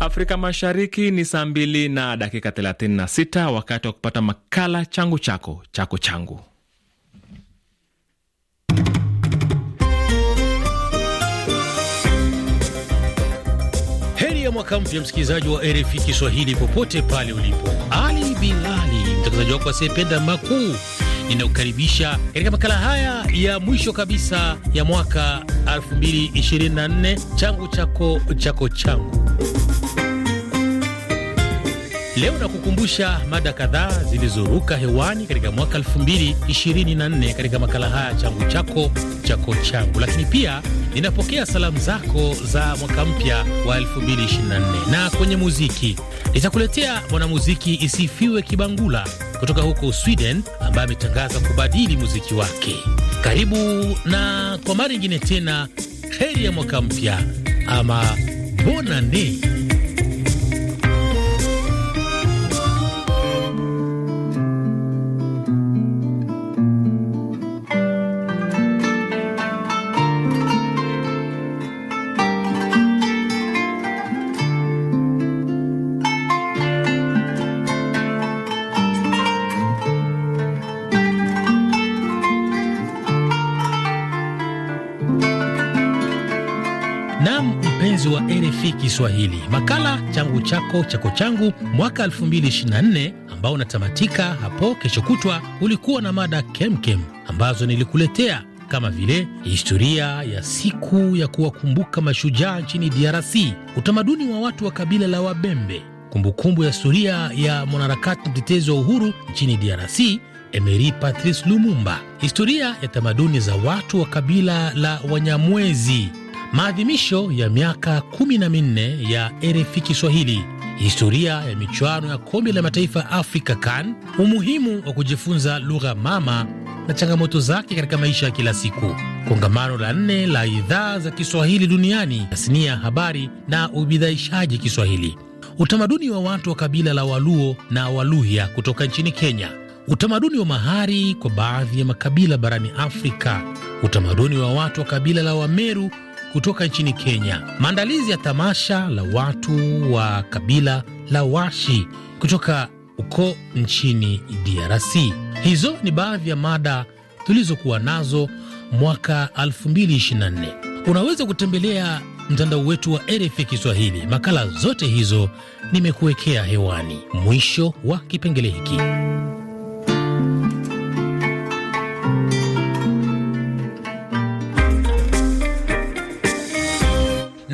Afrika Mashariki ni saa mbili na dakika 36, wakati wa kupata makala changu chako chako changu. Heri ya mwaka mpya, msikilizaji wa RFI Kiswahili popote pale ulipo. Ali Bilali mtangazaji wako asiyependa makuu ninakukaribisha katika makala haya ya mwisho kabisa ya mwaka 2024 changu chako chako changu. Leo nakukumbusha mada kadhaa zilizoruka hewani katika mwaka 2024 katika makala haya changu chako chako changu, lakini pia ninapokea salamu zako za mwaka mpya wa 2024. Na kwenye muziki nitakuletea mwanamuziki Isifiwe Kibangula kutoka huko Sweden, ambaye ametangaza kubadili muziki wake. Karibu na kwa mara nyingine tena, heri ya mwaka mpya ama bonane. Kiswahili, makala changu chako chako changu mwaka 2024 ambao unatamatika hapo kesho kutwa, ulikuwa na mada kemkem ambazo nilikuletea kama vile historia ya siku ya kuwakumbuka mashujaa nchini DRC, utamaduni wa watu wa kabila la Wabembe, kumbukumbu ya historia ya mwanaharakati mtetezi wa uhuru nchini DRC Emery Patrice Lumumba, historia ya tamaduni za watu wa kabila la Wanyamwezi Maadhimisho ya miaka kumi na minne ya RFI Kiswahili, historia ya michuano ya kombe la mataifa Afrika CAN, umuhimu wa kujifunza lugha mama na changamoto zake katika maisha ya kila siku, kongamano la nne la idhaa za Kiswahili duniani, tasnia ya habari na ubidhaishaji Kiswahili, utamaduni wa watu wa kabila la Waluo na Waluhya kutoka nchini Kenya, utamaduni wa mahari kwa baadhi ya makabila barani Afrika, utamaduni wa watu wa kabila la Wameru kutoka nchini Kenya. Maandalizi ya tamasha la watu wa kabila la Washi kutoka uko nchini DRC. Hizo ni baadhi ya mada tulizokuwa nazo mwaka 2024. Unaweza kutembelea mtandao wetu wa RFI Kiswahili. Makala zote hizo nimekuwekea hewani. Mwisho wa kipengele hiki.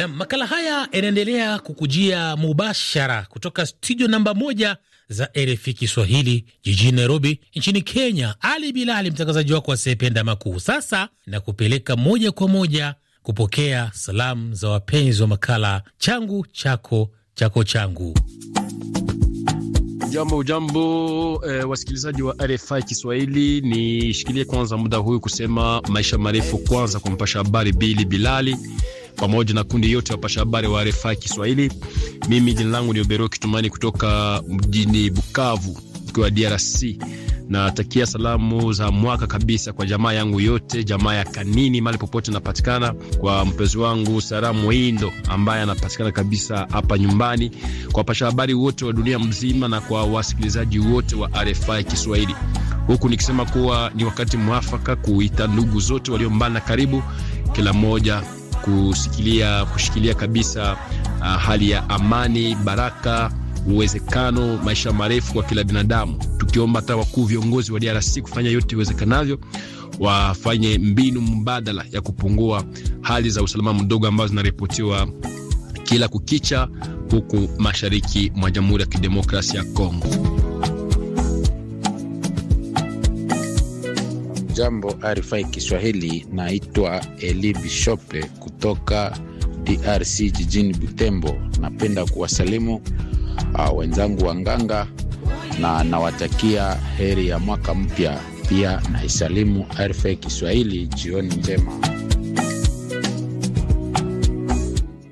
na makala haya yanaendelea kukujia mubashara kutoka studio namba moja za RFI Kiswahili jijini Nairobi nchini Kenya. Ali Bilali, mtangazaji wako asiyependa makuu, sasa na kupeleka moja kwa moja kupokea salamu za wapenzi wa makala changu chako chako changu. Jambo jambo, eh, wasikilizaji wa RFI Kiswahili, nishikilie kwanza muda huyu kusema maisha marefu kwanza kumpasha habari Bili Bilali pamoja na kundi yote ya wapasha habari wa RFI Kiswahili. Mimi jina langu ni Obero Kitumani kutoka mjini Bukavu kwa DRC. Natakia salamu za mwaka kabisa kwa jamaa yangu yote, jamaa ya Kanini mali popote napatikana, kwa mpenzi wangu Sara Mwindo ambaye anapatikana kabisa hapa nyumbani, kwa wapasha habari wote wa dunia mzima, na kwa wasikilizaji wote wa RFI Kiswahili, huku nikisema kuwa ni wakati mwafaka kuita ndugu zote walio mbali na karibu, kila mmoja kusikilia, kushikilia kabisa uh, hali ya amani, baraka, uwezekano, maisha marefu kwa kila binadamu, tukiomba hata wakuu viongozi wa DRC kufanya yote iwezekanavyo wafanye mbinu mbadala ya kupungua hali za usalama mdogo ambazo zinaripotiwa kila kukicha huku mashariki mwa Jamhuri ya Kidemokrasia ya Kongo. Jambo RFI Kiswahili, naitwa Eli Bishope kutoka DRC jijini Butembo. Napenda kuwasalimu uh, wenzangu nganga na nawatakia heri ya mwaka mpya. Pia naisalimu RFI Kiswahili, jioni njema.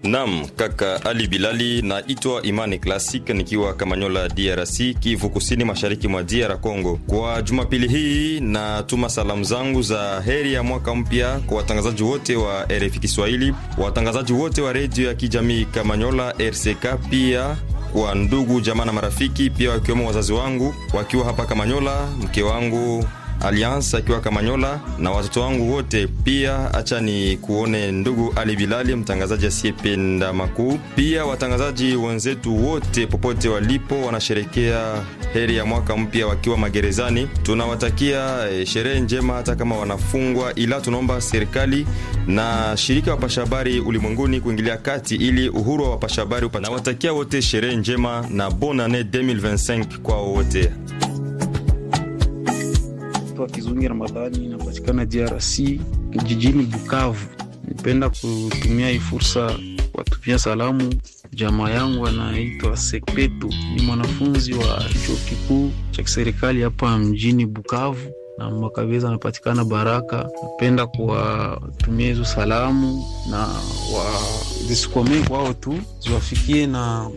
Nam kaka Ali Bilali, naitwa Imani Classic nikiwa Kamanyola, DRC, Kivu Kusini, mashariki mwa DR Congo. Kwa jumapili hii natuma salamu zangu za heri ya mwaka mpya kwa watangazaji wote wa RFI Kiswahili, watangazaji wote wa redio ya kijamii Kamanyola RCK, pia kwa ndugu jamaa na marafiki, pia wakiwemo wazazi wangu wakiwa hapa Kamanyola, mke wangu Alliance akiwa Kamanyola na watoto wangu wote pia. Acha ni kuone ndugu Ali Bilali, mtangazaji asiyependa makuu, pia watangazaji wenzetu wote popote walipo wanasherekea heri ya mwaka mpya wakiwa magerezani. Tunawatakia eh, sherehe njema hata kama wanafungwa, ila tunaomba serikali na shirika ya wapasha habari ulimwenguni kuingilia kati ili uhuru wa wapasha habari upatikane. Nawatakia wote sherehe njema na bonane 2025 kwao wote naitwa Kizungi Ramadhani, inapatikana DRC jijini Bukavu. Nipenda kutumia hii fursa kuwatumia salamu jamaa yangu anaitwa Sepetu, ni mwanafunzi wa chuo kikuu cha kiserikali hapa mjini Bukavu na makabiza anapatikana Baraka. Napenda kuwatumia hizo salamu na wa zisikomee kwao tu, ziwafikie na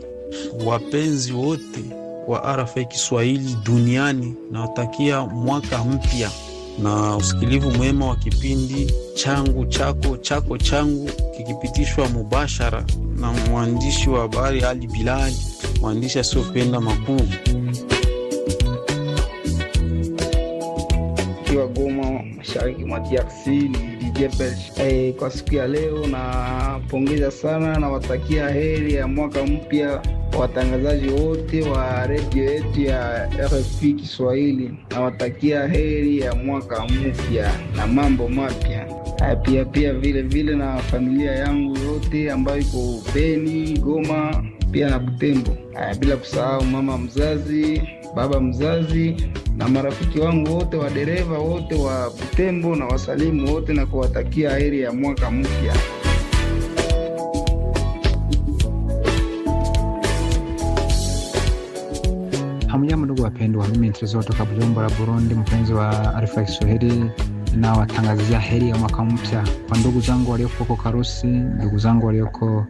wapenzi wote wa RFI Kiswahili duniani, nawatakia mwaka mpya na usikilivu mwema wa kipindi changu chako chako changu kikipitishwa mubashara na mwandishi wa habari Ali Bilali, mwandishi asiyopenda makuu kiwa Goma, mashariki mwa DRC. Ni DJ eh, kwa siku ya leo, napongeza sana, nawatakia heri ya mwaka mpya watangazaji wote wa redio yetu ya rfp Kiswahili, nawatakia heri ya mwaka mpya na mambo mapya. Pia pia vile vile na familia yangu yote ambayo iko Beni, Goma pia na Butembo, bila kusahau mama mzazi, baba mzazi na marafiki wangu wote wadereva wote wa Butembo na wasalimu wote na kuwatakia heri ya mwaka mpya. wapendwa, mimi toka Bujumbura la Burundi, mpenzi wa Arifa Kiswahili nawatangazia heri ya mwaka mpya kwa ndugu zangu walioko huko Karusi, ndugu zangu walioko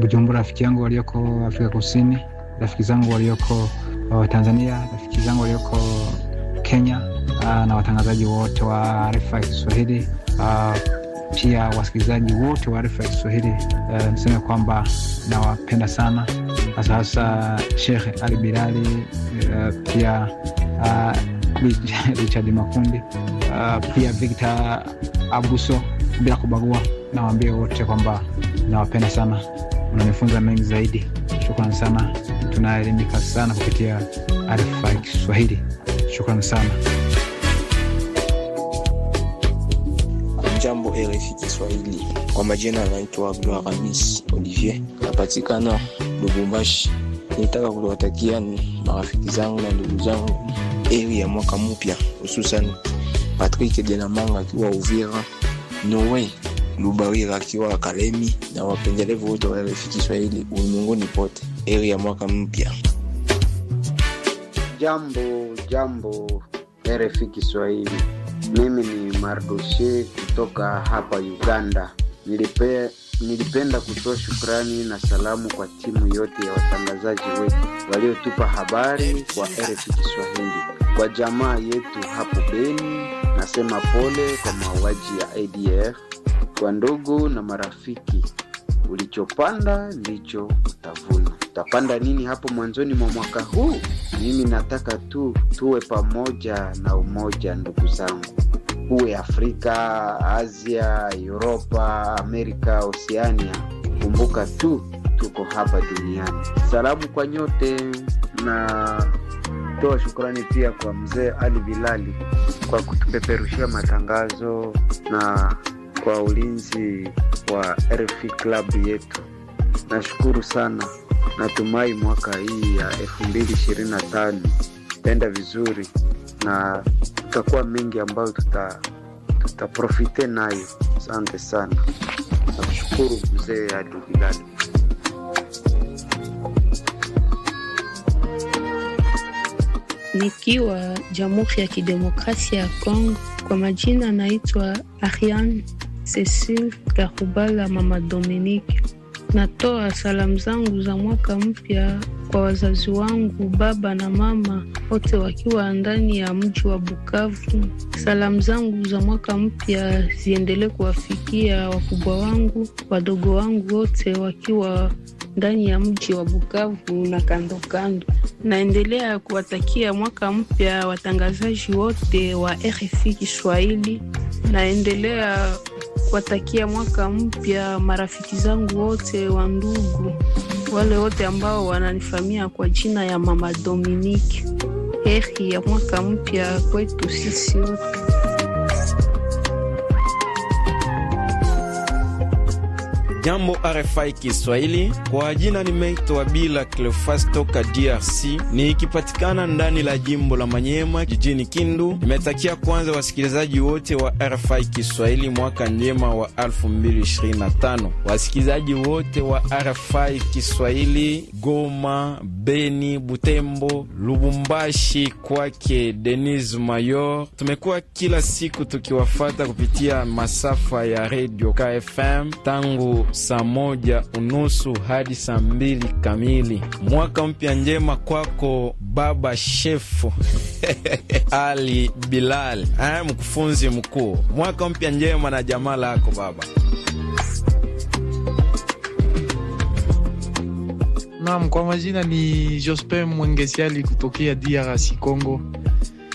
Bujumbura, rafiki yangu walioko Afrika Kusini, rafiki zangu walioko Tanzania, rafiki zangu walioko Kenya ah, na watangazaji wote wa RFI Kiswahili ah, pia wasikilizaji wote wa Arifa ya Kiswahili, eh, niseme kwamba nawapenda sana hasa hasa Sheikh Ali Bilali, uh, pia uh, Richard Makundi, uh, pia Victor Abuso, bila kubagua, nawaambia wote kwamba nawapenda sana, unanifunza mengi zaidi. Shukrani sana, tunaelimika sana kupitia RFI Kiswahili. Shukrani sana. RFI Kiswahili. Kwa majina anaitwa Gloire Hamis Olivier, napatikana Lubumbashi. Nilitaka kuwatakia marafiki zangu na ndugu zangu heri ya mwaka mpya, hususan Patrick Denamanga akiwa Uvira, Noe Lubawira akiwa Kalemi na wapendelevu wote wa RFI Kiswahili ulimwenguni pote, heri ya mwaka mpya. Jambo jambo RFI Kiswahili. Mimi ni Mardoshe kutoka hapa Uganda. Nilipe, nilipenda kutoa shukrani na salamu kwa timu yote ya watangazaji wetu waliotupa habari kwa RFI Kiswahili. Kwa jamaa yetu hapo Beni, nasema pole kwa mauaji ya ADF. Kwa ndugu na marafiki, ulichopanda ndicho utavuna tutapanda nini hapo mwanzoni mwa mwaka huu? Mimi nataka tu tuwe pamoja na umoja, ndugu zangu, uwe Afrika, Asia, uropa Amerika, Oceania. Kumbuka tu tuko hapa duniani. Salamu kwa nyote na toa shukrani pia kwa mzee Ali Bilali kwa kutupeperushia matangazo na kwa ulinzi wa rf club yetu. Nashukuru sana. Natumai mwaka hii ya tano itaenda vizuri na tutakuwa mengi ambayo tuta tutaprofite nayo. Asante sana, nakushukuru mzee Adu Bilali. Nikiwa Jamhuri ya Kidemokrasia ya congo kwa majina anaitwa Ariane Cecile Karubala, mama Dominique. Natoa salamu zangu za mwaka mpya kwa wazazi wangu, baba na mama wote wakiwa ndani ya mji wa Bukavu. Salamu zangu za mwaka mpya ziendelee kuwafikia wakubwa wangu, wadogo wangu wote wakiwa ndani ya mji wa Bukavu na kando kando. Naendelea kuwatakia mwaka mpya watangazaji wote wa RFI Kiswahili. Naendelea kuwatakia mwaka mpya marafiki zangu wote wa ndugu wale wote ambao wananifamia kwa jina ya Mama Dominique. Heri ya mwaka mpya kwetu sisi wote. Jambo RFI Kiswahili, kwa jina nimeitwa Bila Cleofas toka DRC nikipatikana ndani la jimbo la Manyema jijini Kindu. Nimetakia kwanza wasikilizaji wote wa RFI Kiswahili mwaka njema wa 2025. Wasikilizaji wote wa RFI Kiswahili Goma, Beni, Butembo, Lubumbashi, kwake Denis Mayor, tumekuwa kila siku tukiwafata kupitia masafa ya Radio KFM tangu saa moja unusu hadi saa mbili kamili. Mwaka mpya njema kwako baba shefu Ali Bilali, mkufunzi mkuu. Mwaka mpya njema na jamaa lako baba. Naam, kwa majina ni Jospin Mwengesiali kutokea DRC Congo.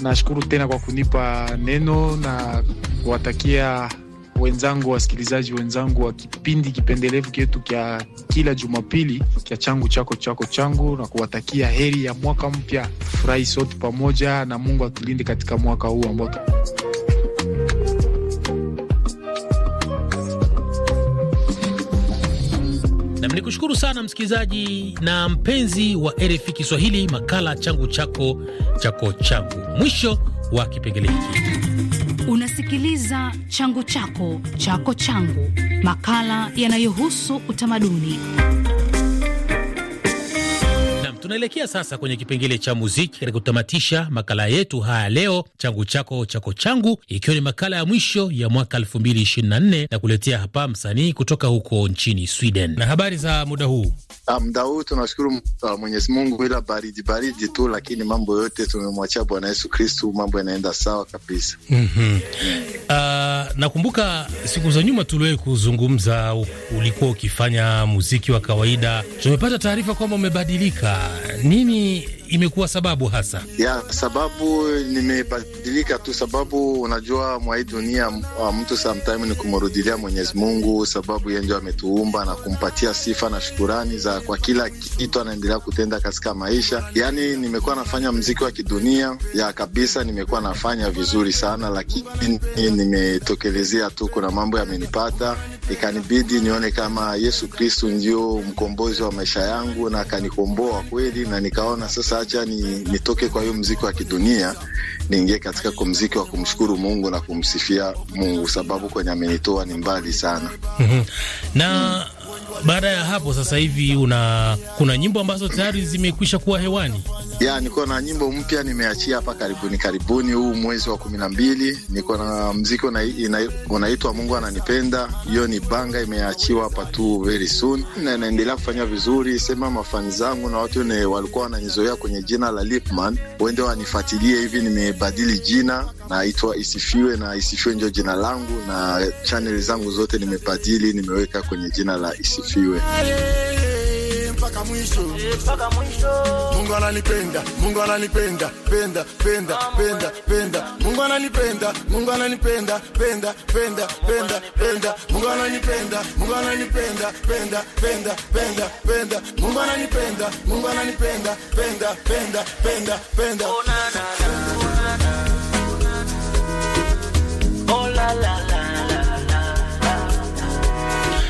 Nashukuru tena kwa kunipa neno na kuwatakia wenzangu, wasikilizaji wenzangu wa kipindi kipendelevu kyetu kya kila Jumapili kya changu chako chako changu, na kuwatakia heri ya mwaka mpya. Furahi sote pamoja, na Mungu atulinde katika mwaka huu ambao Ni kushukuru sana msikilizaji na mpenzi wa rf Kiswahili, makala changu chako chako changu, mwisho wa kipengele hiki. Unasikiliza changu chako chako changu, makala yanayohusu utamaduni. Tunaelekea sasa kwenye kipengele cha muziki katika kutamatisha makala yetu haya leo, changu chako chako changu, ikiwa ni makala ya mwisho ya mwaka 2024 na kuletea hapa msanii kutoka huko nchini Sweden. Na habari za muda huu? Ah, muda huu tunashukuru ah, Mwenyezi Mungu, ila baridi baridi tu, lakini mambo yote tumemwachia Bwana Yesu Kristu, mambo yanaenda sawa kabisa. mm -hmm. Uh, nakumbuka siku za nyuma tuliwahi kuzungumza, ulikuwa ukifanya muziki wa kawaida. Tumepata taarifa kwamba umebadilika nini imekuwa sababu hasa ya sababu? Nimebadilika tu sababu, unajua mwa hii dunia ah, mtu sometime ni kumrudilia Mwenyezi Mungu, sababu yeye ndio ametuumba na kumpatia sifa na shukurani za kwa kila kitu anaendelea kutenda katika maisha. Yani nimekuwa nafanya mziki wa kidunia ya kabisa, nimekuwa nafanya vizuri sana, lakini nimetokelezea tu, kuna mambo yamenipata ikanibidi nione kama Yesu Kristu ndio mkombozi wa maisha yangu, na akanikomboa kweli, na nikaona sasa, hacha ni, nitoke kwa hiyo mziki wa kidunia niingie katika mziki wa kumshukuru Mungu na kumsifia Mungu, sababu kwenye amenitoa ni mbali sana. Mhm. na baada ya hapo sasa hivi una kuna nyimbo ambazo tayari zimekwisha kuwa hewani? Ya, niko na nyimbo mpya nimeachia hapa karibuni karibuni, huu mwezi wa kumi na mbili. Niko na mziki unaitwa Mungu ananipenda, hiyo ni banga imeachiwa hapa tu very soon, na inaendelea kufanya vizuri. Sema mafani zangu na watu ne walikuwa wananizoea kwenye jina la Lipman, wende wanifuatilie. Hivi nimebadili jina, naitwa Isifiwe na Isifiwe ndio jina langu, na chaneli zangu zote nimebadili, nimeweka kwenye jina la isifiwe mpaka mwisho mpaka mwisho. Mungu ananipenda, Mungu ananipenda, penda penda penda penda. Mungu ananipenda, Mungu ananipenda, penda penda penda penda. Mungu ananipenda, Mungu ananipenda, penda penda penda penda. Mungu ananipenda, Mungu ananipenda, penda penda penda penda. Oh, oh la la la.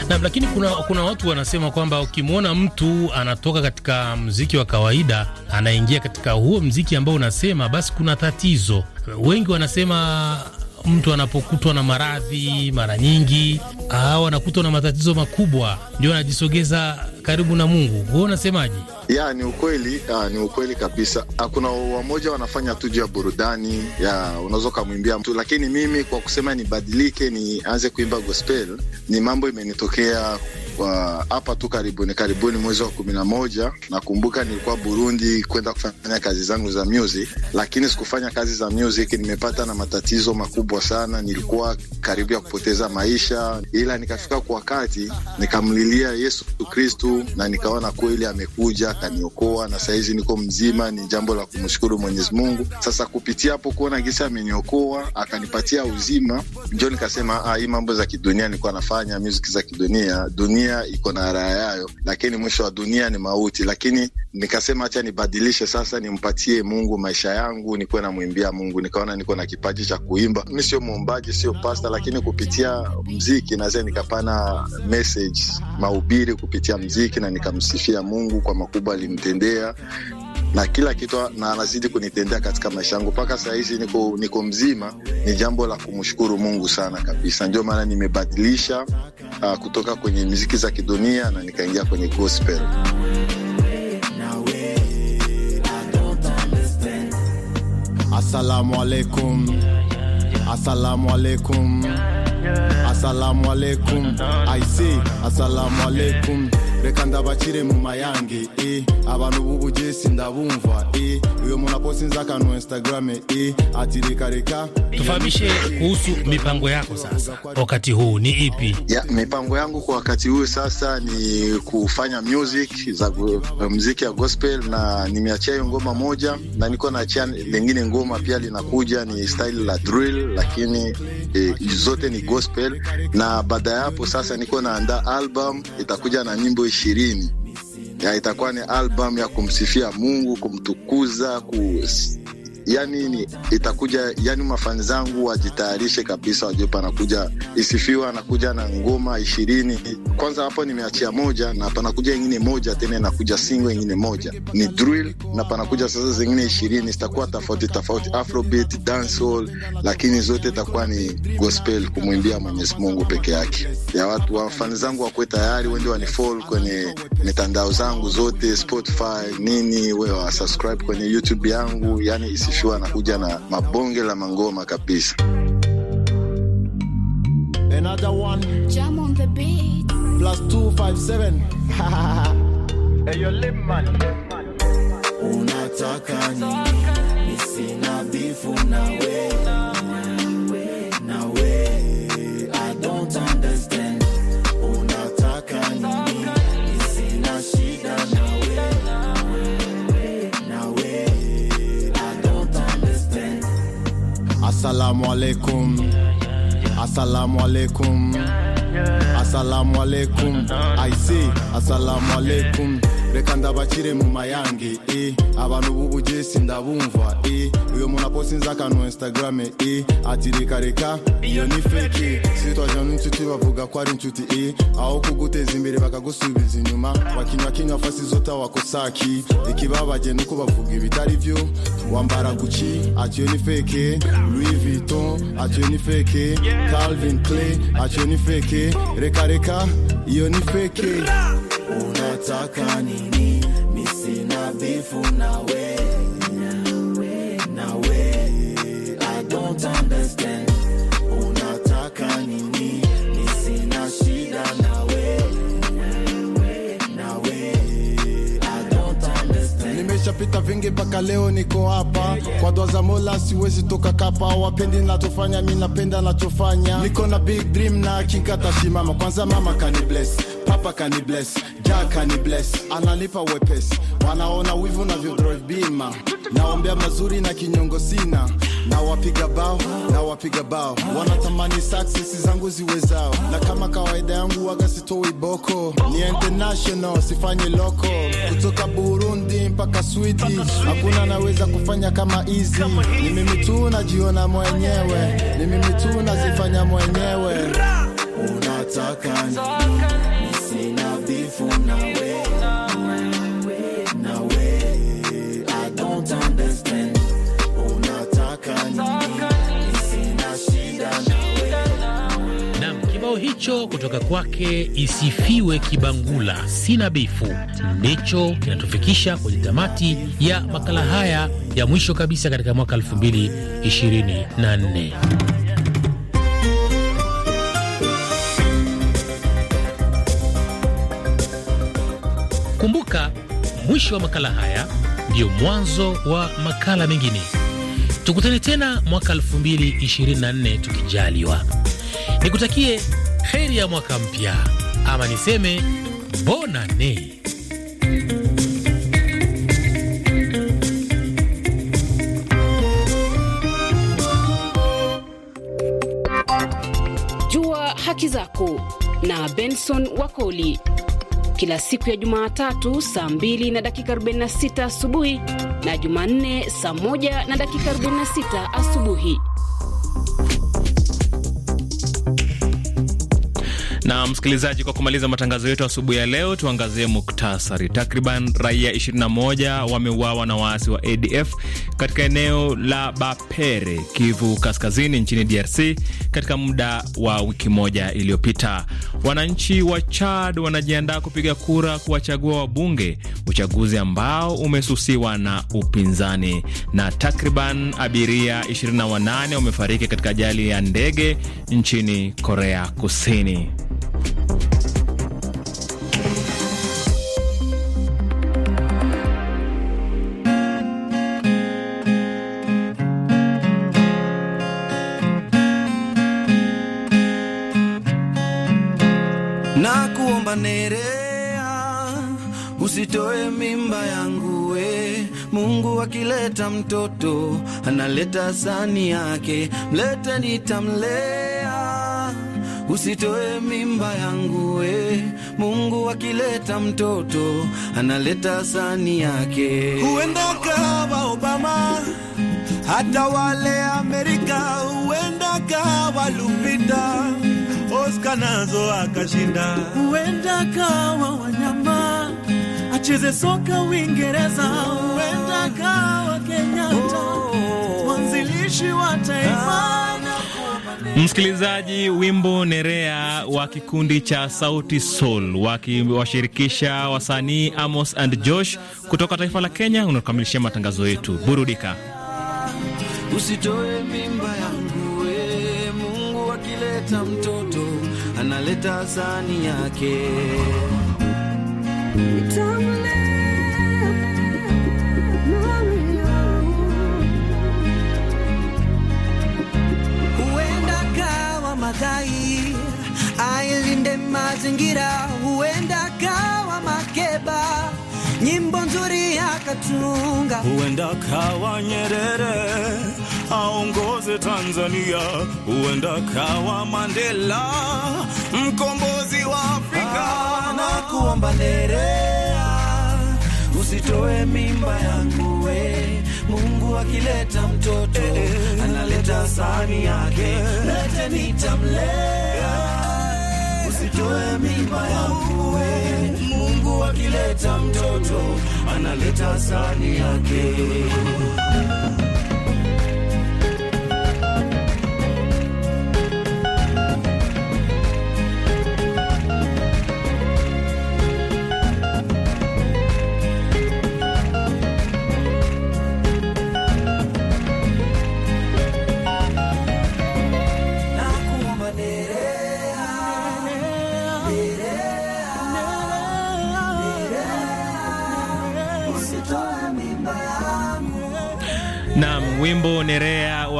Naam, lakini kuna, kuna watu wanasema kwamba ukimwona mtu anatoka katika mziki wa kawaida anaingia katika huo mziki ambao unasema, basi kuna tatizo. Wengi wanasema mtu anapokutwa na maradhi mara nyingi au anakutwa na matatizo makubwa, ndio anajisogeza karibu na Mungu. Wewe unasemaje? Ya, ni ukweli ya, ni ukweli kabisa. Kuna wamoja wanafanya tu juu ya burudani, unaweza ukamwimbia mtu, lakini mimi kwa kusema nibadilike nianze kuimba gospel, ni mambo imenitokea hapa tu karibuni karibuni, mwezi wa kumi na moja, nakumbuka nilikuwa Burundi kwenda kufanya kazi zangu za music, lakini sikufanya kazi za music. Nimepata na matatizo makubwa sana, nilikuwa karibu ya kupoteza maisha, ila nikafika kwa wakati, nikamlilia Yesu Kristu na nikaona kweli amekuja akaniokoa, na sahizi niko mzima. Ni jambo la kumshukuru Mwenyezi Mungu. Sasa kupitia hapo kuona gisi ameniokoa akanipatia uzima, njo nikasema ah, hii mambo za kidunia nilikuwa nafanya music za kidunia dunia dunia iko na raha yayo, lakini mwisho wa dunia ni mauti. Lakini nikasema hacha nibadilishe sasa, nimpatie Mungu maisha yangu, nikuwe namwimbia Mungu. Nikaona niko na kipaji cha kuimba. Mi sio mwombaji, sio pasta, lakini kupitia mziki naweza nikapana message, mahubiri kupitia mziki, na nikamsifia Mungu kwa makubwa alimtendea na kila kitu, na anazidi kunitendea katika maisha yangu mpaka saa hizi niko, niko mzima. Ni jambo la kumshukuru Mungu sana kabisa. Ndio maana nimebadilisha uh, kutoka kwenye muziki za kidunia na nikaingia kwenye gospel. Asalamu alaikum, asalamu alaikum, asalamu alaikum, I see. asalamu alaikum reka ndabakire mu mayange abantu b'ubu sindabumva e uyo muntu aposinze akantu e ati reka reka. Tufahamishe kuhusu mipango yako sasa, wakati huu ni ipi? Ya, mipango yangu kwa wakati huu sasa ni kufanya music za muziki ya gospel, na nimeachia hiyo ngoma moja na niko naachia lingine ngoma pia linakuja, ni style la drill lakini Eh, zote ni gospel, na baada ya hapo sasa niko naandaa album itakuja na nyimbo ishirini ya itakuwa ni album ya kumsifia Mungu, kumtukuza kus yani ni, itakuja yani mafani zangu wajitayarishe kabisa, wajue panakuja Isifiwa anakuja na ngoma ishirini. Kwanza hapo nimeachia moja na panakuja ingine moja tena, inakuja single ingine moja ni drill, na panakuja sasa zingine ishirini zitakuwa tofauti tofauti, afrobeat, dancehall, lakini zote itakuwa ni gospel, kumwimbia Mwenyezi Mungu peke yake. Ya watu wafani zangu wakuwe tayari, wende wanifollow kwenye mitandao zangu zote Spotify nini, wewe subscribe kwenye YouTube yangu yani Joshua anakuja na mabonge la mangoma kabisa. Another one. Jam on the beat. Plus Hey, yo, lip man. Unataka nini? Nisina bifu na wewe. Assalamu alaikum. Assalamu alaikum. Assalamu alaikum. I see. Assalamu alaikum. reka ndabakire mu mayange abantu b'ubu jesi ndabumva uyu muntu aposinze akantu instagrame ati reka reka iyo ni feki sitwajya n'inshuti bavuga ko ari inshuti e aho kuguteza imbere bakagusubiza inyuma bakinywa kinywa fasi zota wakosaki ikibabagiye ni uko bavuga ibitari byo wambara guci ati ni feke louis vuitton ni feke calvin clay ati iyo ni feke reka reka iyo ni feke unataka nini misina bifu na we, i don't understand unataka nini misina shida nawe nimeshapita vingi mpaka leo niko hapa kwa dua za Mola, siwezi toka kapa. Wapendi nachofanya, mi napenda nachofanya, niko na big dream na kinga tashimama. Kwanza mama kani bless Chupa kani bless, ja kani bless, analipa wepes wanaona wivu na drive bima, naombea mazuri na kinyongo sina na wapiga bao na wapiga bao wanatamani success zangu ziwezao, na kama kawaida yangu waga sitoi boko, ni international sifanye loko, kutoka Burundi mpaka Sweden hakuna naweza kufanya kama easy Ni mimi tu najiona mwenyewe, ni mimi tu nazifanya mwenyewe. Unataka nini? ndicho kutoka kwake Isifiwe Kibangula, sina bifu, ndicho kinatufikisha kwenye tamati ya makala haya ya mwisho kabisa katika mwaka 2024. Kumbuka, mwisho wa makala haya ndiyo mwanzo wa makala mengine. Tukutane tena mwaka 2024 tukijaliwa. Nikutakie heri ya mwaka mpya, ama niseme bonane. Jua haki zako na Benson Wakoli kila siku ya Jumatatu saa 2 na dakika 46 asubuhi na Jumanne saa 1 na dakika 46 asubuhi. Na msikilizaji, kwa kumaliza matangazo yetu asubuhi ya leo, tuangazie muktasari. Takriban raia 21 wameuawa na waasi wa ADF katika eneo la Bapere, Kivu Kaskazini, nchini DRC katika muda wa wiki moja iliyopita. Wananchi wa Chad wanajiandaa kupiga kura kuwachagua wabunge, uchaguzi ambao umesusiwa na upinzani. Na takriban abiria 28 wamefariki katika ajali ya ndege nchini Korea Kusini. bwane usitoe mimba yangu we. Mungu akileta mtoto analeta sani yake, mlete nitamlea. Usitoe mimba yangu we. Mungu akileta mtoto analeta sani yake. Huenda kawa Obama, hata wale Amerika, huenda kawa Lupita Oscar nazo akashinda. Huenda kawa wanyama acheze soka Uingereza, huenda kawa Kenyatta mwanzilishi wa taifa. Msikilizaji, wimbo Nerea wa kikundi cha Sauti Sol wakiwashirikisha wasanii Amos and Josh kutoka taifa la Kenya unakamilishia matangazo yetu. Burudika, usitoe mimba yangu, Mungu akileta mtoto analeta sani yake huenda kawa Madhai ailinde mazingira, huenda kawa Makeba nyimbo nzuri akatunga, huenda kawa Nyerere aongoze Tanzania, huenda kawa Mandela mkombozi wa Afrika. Ah, Na kuomba Nerea, usitoe mimba yangu we Mungu akileta mtoto eh, eh. analeta sani yake, lete nitamlea atoe mimba yangue. Mungu akileta mtoto analeta sani yake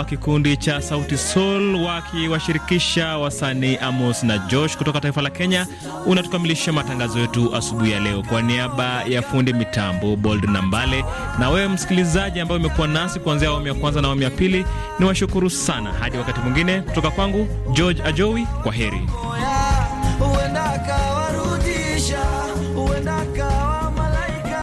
kikundi cha Sauti Sol wakiwashirikisha wasanii Amos na Josh kutoka taifa la Kenya. Unatukamilisha matangazo yetu asubuhi ya leo. Kwa niaba ya fundi mitambo Bold na Mbale na wewe msikilizaji ambaye umekuwa nasi kuanzia awamu ya kwanza na awamu ya pili, ni washukuru sana. Hadi wakati mwingine, kutoka kwangu George Ajowi, kwa heri.